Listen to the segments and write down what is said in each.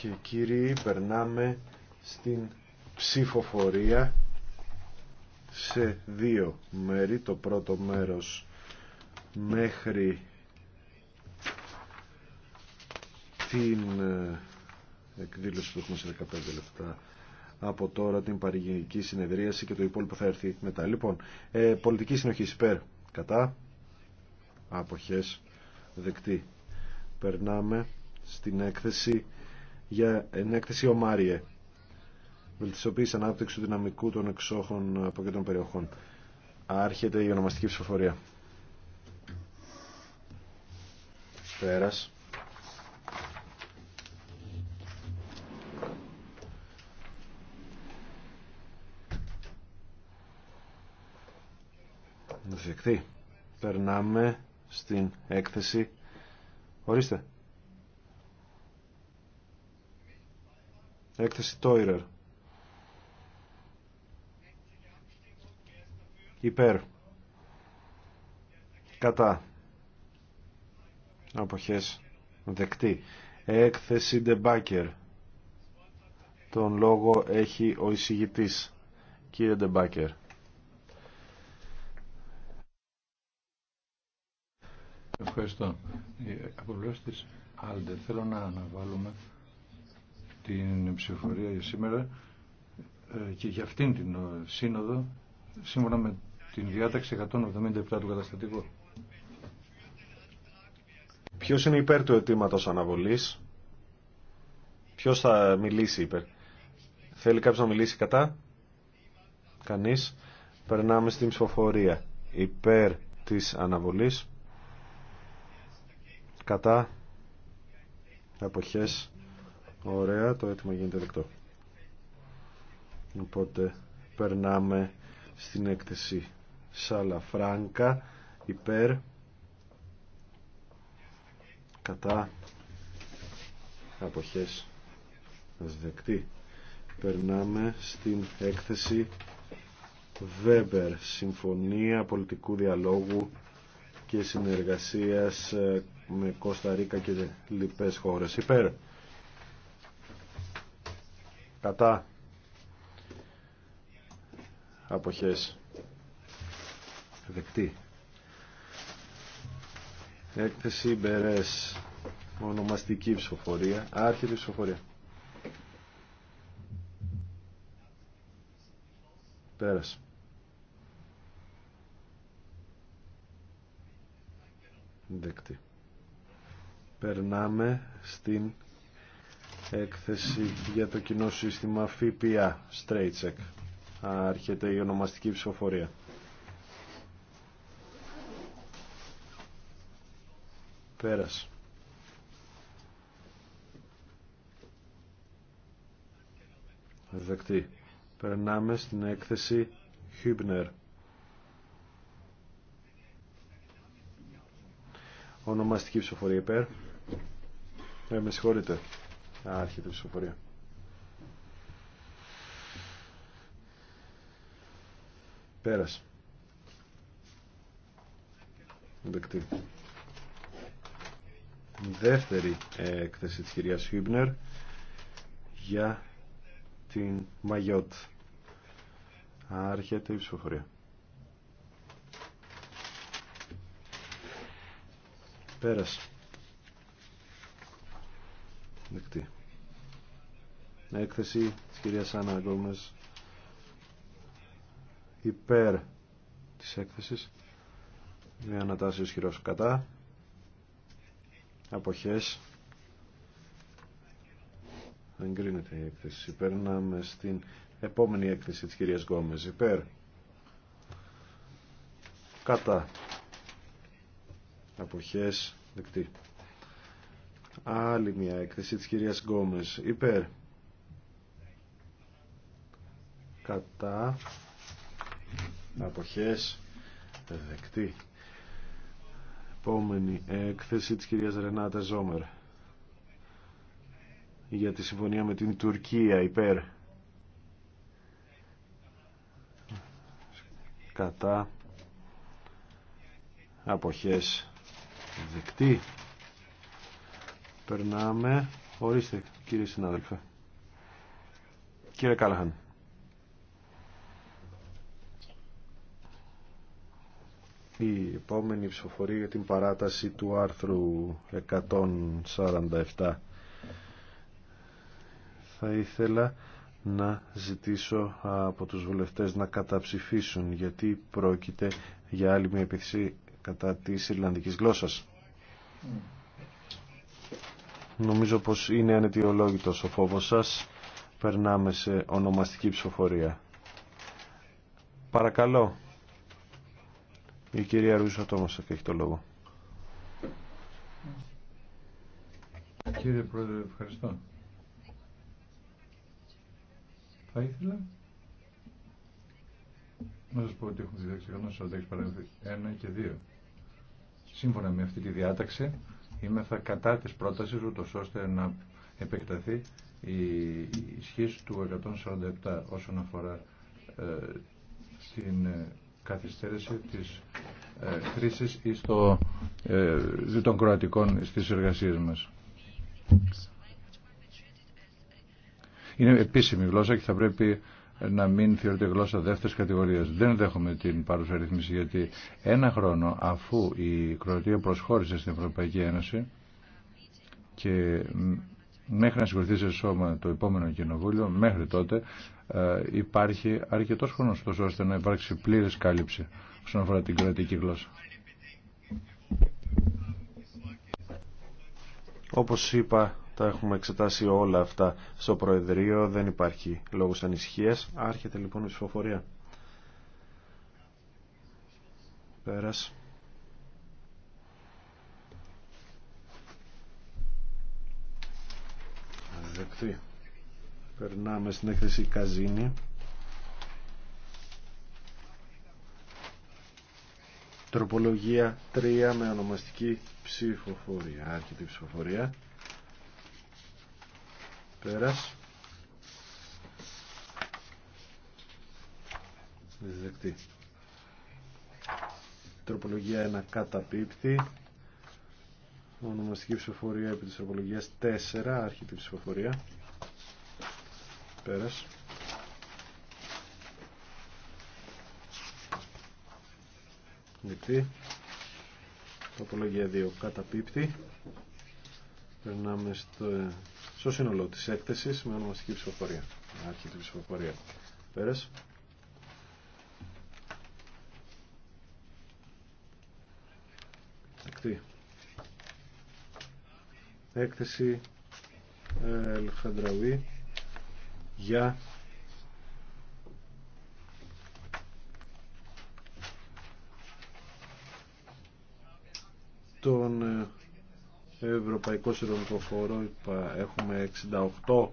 και κύριοι, περνάμε στην ψηφοφορία σε δύο μέρη. Το πρώτο μέρος μέχρι την ε, εκδήλωση που έχουμε σε 15 λεπτά από τώρα την παρηγενική συνεδρίαση και το υπόλοιπο θα έρθει μετά. Λοιπόν, ε, πολιτική συνοχή υπέρ, κατά, αποχές, δεκτή. Περνάμε στην έκθεση για την με Ομάριε. Βελτιστοποίηση ανάπτυξη του δυναμικού των εξόχων από και των περιοχών. Άρχεται η ονομαστική ψηφοφορία. Πέρας. Δεκτή. Περνάμε στην έκθεση. Ορίστε. Έκθεση Τόιρερ. Υπέρ. Κατά. Αποχές. Δεκτή. Έκθεση Ντεμπάκερ. Τον λόγο έχει ο εισηγητής. Κύριε Ντεμπάκερ. Ευχαριστώ. Ε, από πλευρά τη Άλντε θέλω να αναβάλουμε την ψηφοφορία για σήμερα ε, και για αυτήν την ε, σύνοδο σύμφωνα με την διάταξη 177 του καταστατικού. Ποιος είναι υπέρ του αιτήματος αναβολής? Ποιος θα μιλήσει υπέρ? Θέλει κάποιος να μιλήσει κατά? Κανείς. Περνάμε στην ψηφοφορία. Υπέρ της αναβολής. Κατά. Αποχές. Ωραία, το έτοιμο γίνεται δεκτό. Οπότε περνάμε στην έκθεση Σαλαφράγκα, υπέρ κατά αποχές δεκτή. Περνάμε στην έκθεση Βέμπερ, Συμφωνία Πολιτικού Διαλόγου και Συνεργασίας ε, με Κώστα Ρίκα και λοιπές χώρες. Υπέρ, κατά αποχές δεκτή έκθεση Μπερές ονομαστική ψηφοφορία άρχιτη ψηφοφορία πέρασε δεκτή περνάμε στην έκθεση για το κοινό σύστημα ΦΠΑ, straight check. Άρχεται η ονομαστική ψηφοφορία. Πέρας. Δεκτή. Περνάμε στην έκθεση Hübner. Ονομαστική ψηφοφορία υπέρ. Ε, με συγχωρείτε. Άρχεται η ψηφοφορία. Πέρασε. Δεκτή. Δεύτερη έκθεση της κυρίας Χίμπνερ για την Μαγιότ. Άρχεται η ψηφοφορία. Πέρασε. Δεκτή. Έκθεση της κυρίας Άννα Γκόμες υπέρ της έκθεσης με ανατάσσεω χειρός κατά αποχές εγκρίνεται η έκθεση περνάμε στην επόμενη έκθεση της κυρίας Γκόμες υπέρ κατά αποχές δεκτή Άλλη μια έκθεση της κυρίας Γκόμες. Υπέρ. Κατά. Αποχές. Δεκτή. Επόμενη έκθεση της κυρίας Ρενάτα Ζόμερ. Για τη συμφωνία με την Τουρκία. Υπέρ. Κατά. Αποχές. Δεκτή. Περνάμε. Ορίστε κύριε συνάδελφε. Κύριε Κάλαχαν. Η επόμενη ψηφοφορία για την παράταση του άρθρου 147. Θα ήθελα να ζητήσω από τους βουλευτές να καταψηφίσουν γιατί πρόκειται για άλλη μια επίθεση κατά της Ιρλανδικής γλώσσας. Mm. Νομίζω πως είναι ανετιολόγητος ο φόβος σας. Περνάμε σε ονομαστική ψηφοφορία. Παρακαλώ. Η κυρία Ρούσα Τόμασακ έχει το λόγο. Κύριε Πρόεδρε, ευχαριστώ. Θα ήθελα να σας πω ότι έχουμε διδάξει 146 παραγωγή 1 και 2. Σύμφωνα με αυτή τη διάταξη, είμαι θα κατά της πρότασης ούτως ώστε να επεκταθεί η ισχύση του 147 όσον αφορά ε, στην ε, καθυστέρηση της ε, χρήσης ή στο, των κροατικών στις εργασίες μας. Είναι επίσημη γλώσσα και θα πρέπει να μην θεωρείται γλώσσα δεύτερης κατηγορίας. Δεν δέχομαι την παρούσα γιατί ένα χρόνο αφού η Κροατία προσχώρησε στην Ευρωπαϊκή Ένωση και μέχρι να συγκροθεί σε σώμα το επόμενο κοινοβούλιο, μέχρι τότε ε, υπάρχει αρκετός χρόνος τόσο ώστε να υπάρξει πλήρης κάλυψη όσον αφορά την κρατική γλώσσα. Όπως είπα τα έχουμε εξετάσει όλα αυτά στο Προεδρείο, δεν υπάρχει λόγος ανησυχίας. Άρχεται λοιπόν η ψηφοφορία. Πέρας. Δεκτή. Περνάμε στην έκθεση Καζίνη. Τροπολογία 3 με ονομαστική ψηφοφορία. Άρχεται η ψηφοφορία. Πέρας. Δεκτή. Τροπολογία 1 καταπίπτει. Ονομαστική ψηφοφορία επί της τροπολογίας 4, άρχιτη ψηφοφορία. Πέρας. Δεκτή. Τροπολογία 2 καταπίπτει. Περνάμε στο στο σύνολο της έκθεσης με ονομαστική ψηφοφορία. Άρχιτη ψηφοφορία. Πέρας. Εκτή. Έκθεση ε, Ελχαντραουή για τον ε, Ευρωπαϊκό Συνδρομικό Φόρο έχουμε 68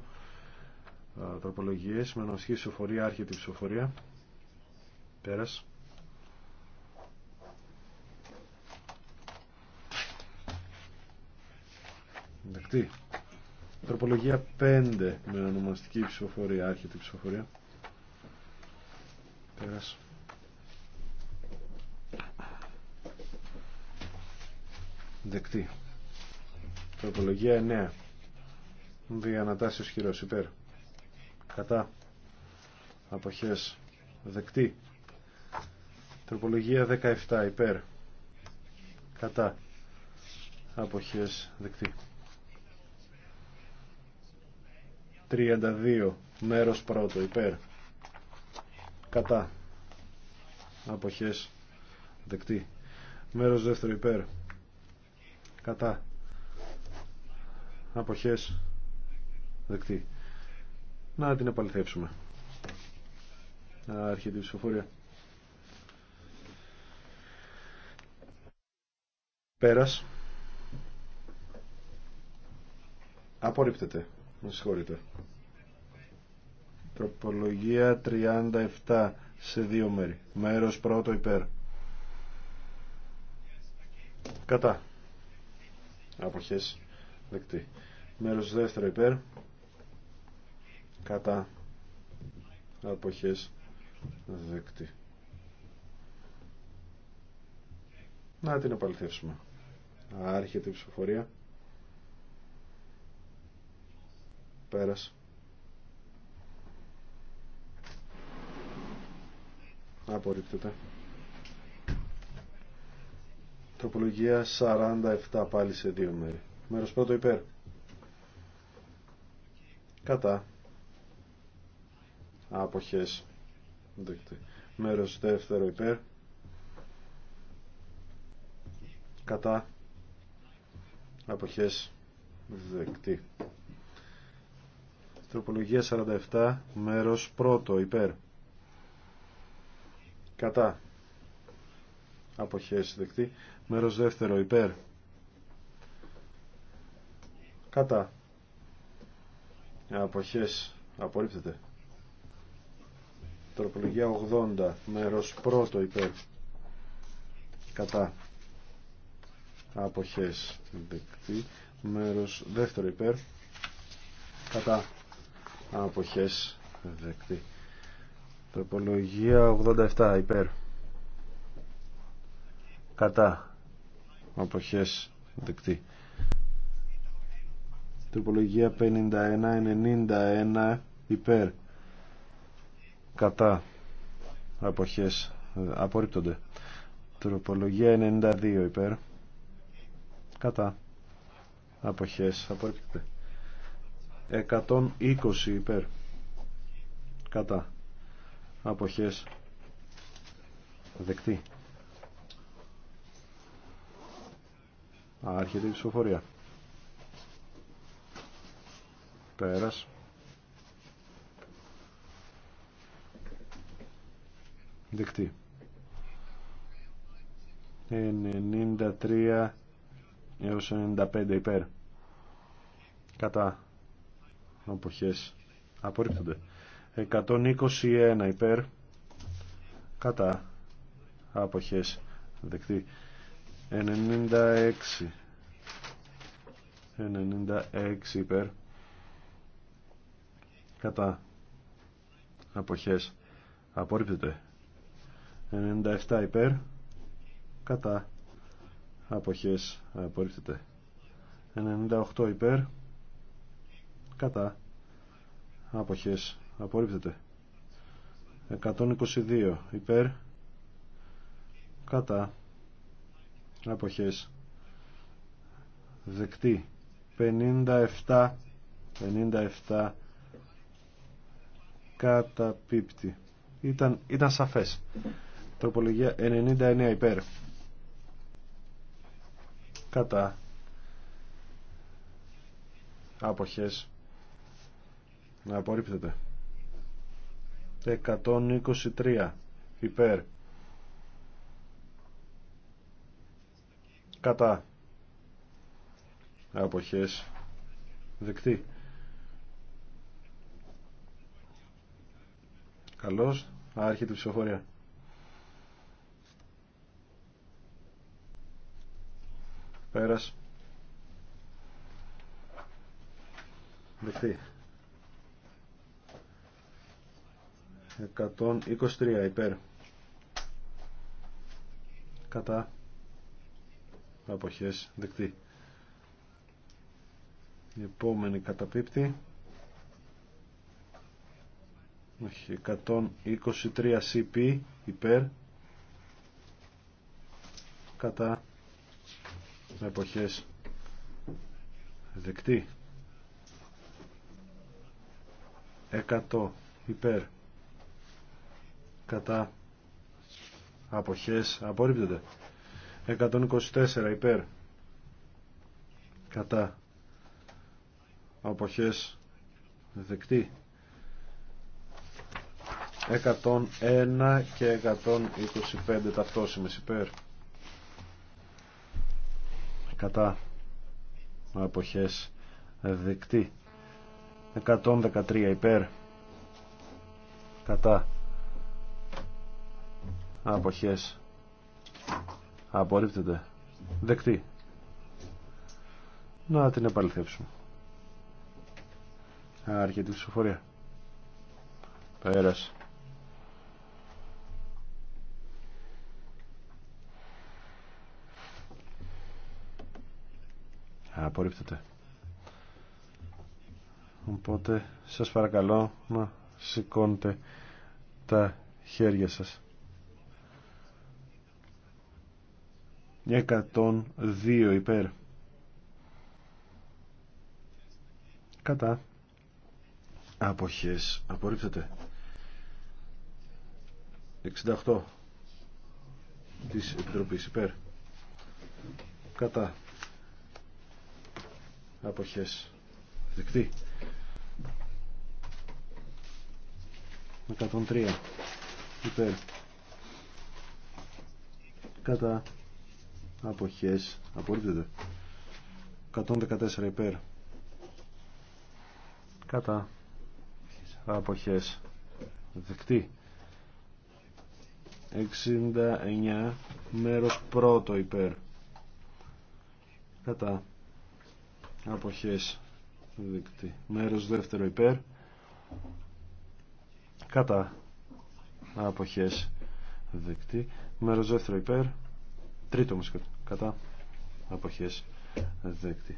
τροπολογίες με αναψυχή ψηφοφορία, άρχιτη ψηφοφορία. Πέρας. Δεκτή. Τροπολογία 5 με ονομαστική ψηφοφορία, άρχιτη ψηφοφορία. Πέρας. Δεκτή. Τροπολογία 9. Διανατάσεις χειρός υπέρ. Κατά. Αποχές δεκτή. Τροπολογία 17 υπέρ. Κατά. Αποχές δεκτή. 32 μέρος πρώτο υπέρ. Κατά. Αποχές δεκτή. Μέρος δεύτερο υπέρ. Κατά αποχές δεκτή. Να την επαληθεύσουμε. Άρχεται η ψηφοφορία. Πέρας. Απορρίπτεται. Με συγχωρείτε. Τροπολογία 37 σε δύο μέρη. Μέρος πρώτο υπέρ. Κατά. Αποχές δεκτή μέρος δεύτερο υπέρ κατά αποχές δεκτή να την επαληθεύσουμε άρχεται η ψηφοφορία Πέρασε. απορρίπτεται τροπολογία 47 πάλι σε δύο μέρη μέρος πρώτο υπέρ κατά αποχές δεκτή μέρος δεύτερο υπέρ κατά αποχές δεκτή τροπολογία 47 μέρος πρώτο υπέρ κατά αποχές δεκτή μέρος δεύτερο υπέρ κατά αποχές απορρίπτεται τροπολογία 80 μέρος πρώτο υπέρ κατά αποχές δεκτή μέρος δεύτερο υπέρ κατά αποχές δεκτή τροπολογία 87 υπέρ κατά αποχές δεκτή Τροπολογία 51-91 υπέρ. Κατά. Αποχές. Απορρίπτονται. Τροπολογία 92 υπέρ. Κατά. Αποχές. Απορρίπτονται. 120 υπέρ. Κατά. Αποχές. Δεκτή. Άρχεται η ψηφοφορία. Πέρας. Δεκτή. 93 έως 95 υπέρ. Κατά. Αποχές. Απορρίπτονται. 121 υπέρ. Κατά. Αποχές. Δεκτή. 96. 96 υπέρ κατά αποχές απορρίπτεται 97 υπέρ κατά αποχές απορρίπτεται 98 υπέρ κατά αποχές απορρίπτεται 122 υπέρ κατά αποχές δεκτή 57 57 καταπίπτει. Ήταν, ήταν σαφές. Τροπολογία 99 υπέρ. Κατά. Αποχές. Να απορρίπτεται. 123 υπέρ. Κατά. Αποχές. Δεκτή. Καλώς. Άρχεται η ψηφοφορία. Πέρας. Δεχτεί. 123 υπέρ. Κατά. Αποχές. Δεκτή. Η επόμενη καταπίπτει όχι 123 CP υπέρ κατά εποχές δεκτή 100 υπέρ κατά αποχές απορρίπτεται 124 υπέρ κατά αποχές δεκτή 101 και 125 ταυτόσημες υπέρ κατά αποχές δεκτή 113 υπέρ κατά αποχές απορρίπτεται δεκτή να την επαληθεύσουμε αρκετή ψηφοφορία πέρασε Απορρίπτεται. Οπότε σας παρακαλώ να σηκώνετε τα χέρια σας. 102 υπέρ. Κατά. Αποχές. Απορρίπτεται. 68 της Επιτροπής υπέρ. Κατά αποχές δεκτή 103 υπέρ κατά αποχές απορρίπτεται 114 υπέρ κατά αποχές δεκτή 69 μέρος πρώτο υπέρ κατά αποχές δεκτή μέρος δεύτερο υπέρ κατά αποχές δεκτή μέρος δεύτερο υπέρ τρίτο μας κατά αποχές δεκτή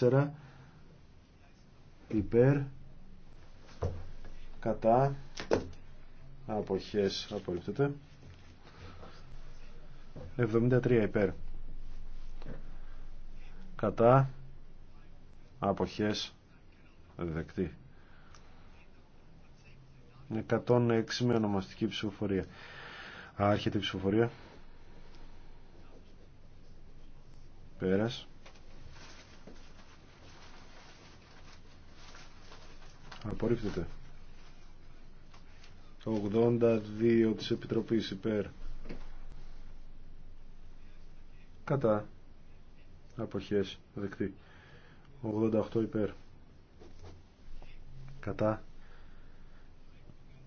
104 υπέρ κατά αποχές απορρίπτεται 73 υπέρ κατά αποχές δεκτή 106 με ονομαστική ψηφοφορία άρχεται η ψηφοφορία πέρας απορρίπτεται 82 της Επιτροπής υπέρ κατά αποχές δεκτή 88 υπέρ κατά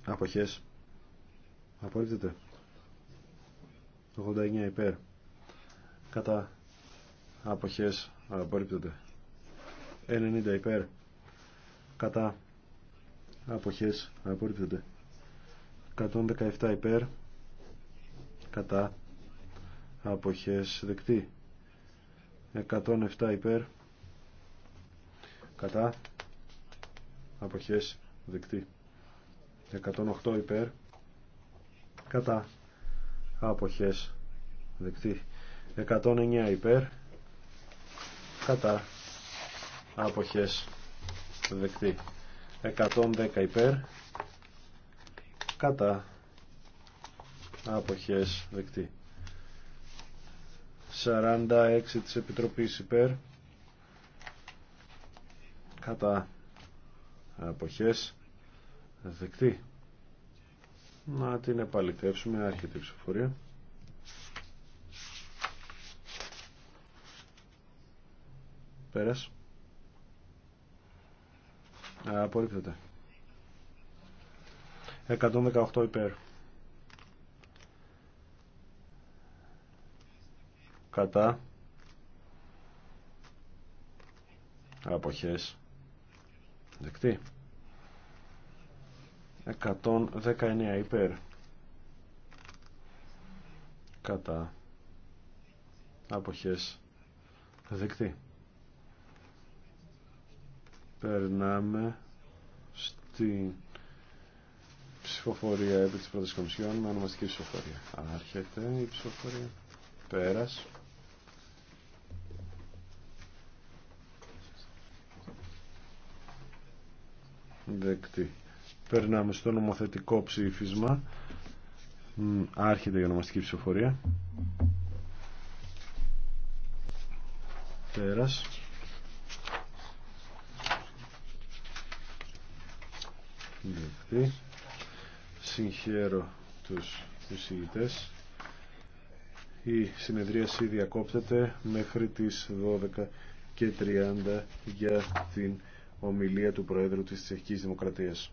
αποχές απορρίπτεται 89 υπέρ κατά αποχές απορρίπτεται 90 υπέρ κατά αποχές απορρίπτεται 117 υπέρ κατά αποχές δεκτή 107 υπέρ κατά αποχές δεκτή 108 υπέρ κατά αποχές δεκτή 109 υπέρ κατά αποχές δεκτή 110 υπέρ κατά αποχές δεκτή 46 της Επιτροπής υπέρ κατά αποχές δεκτή να την επαληθεύσουμε άρχεται η ψηφοφορία πέρας απορρίπτεται 118 υπέρ κατά αποχές δεκτή 119 υπέρ κατά αποχές δεκτή περνάμε στην ψηφοφορία επί της πρώτης κομισιόν με ονομαστική ψηφοφορία άρχεται η ψηφοφορία πέρας δεκτή. Περνάμε στο νομοθετικό ψήφισμα. Άρχεται η ονομαστική ψηφοφορία. Πέρας. Δεκτή. Συγχαίρω τους εισηγητές. Η συνεδρίαση διακόπτεται μέχρι τις 12.30 και για την ομιλία του Προέδρου της Τσεχικής Δημοκρατίας.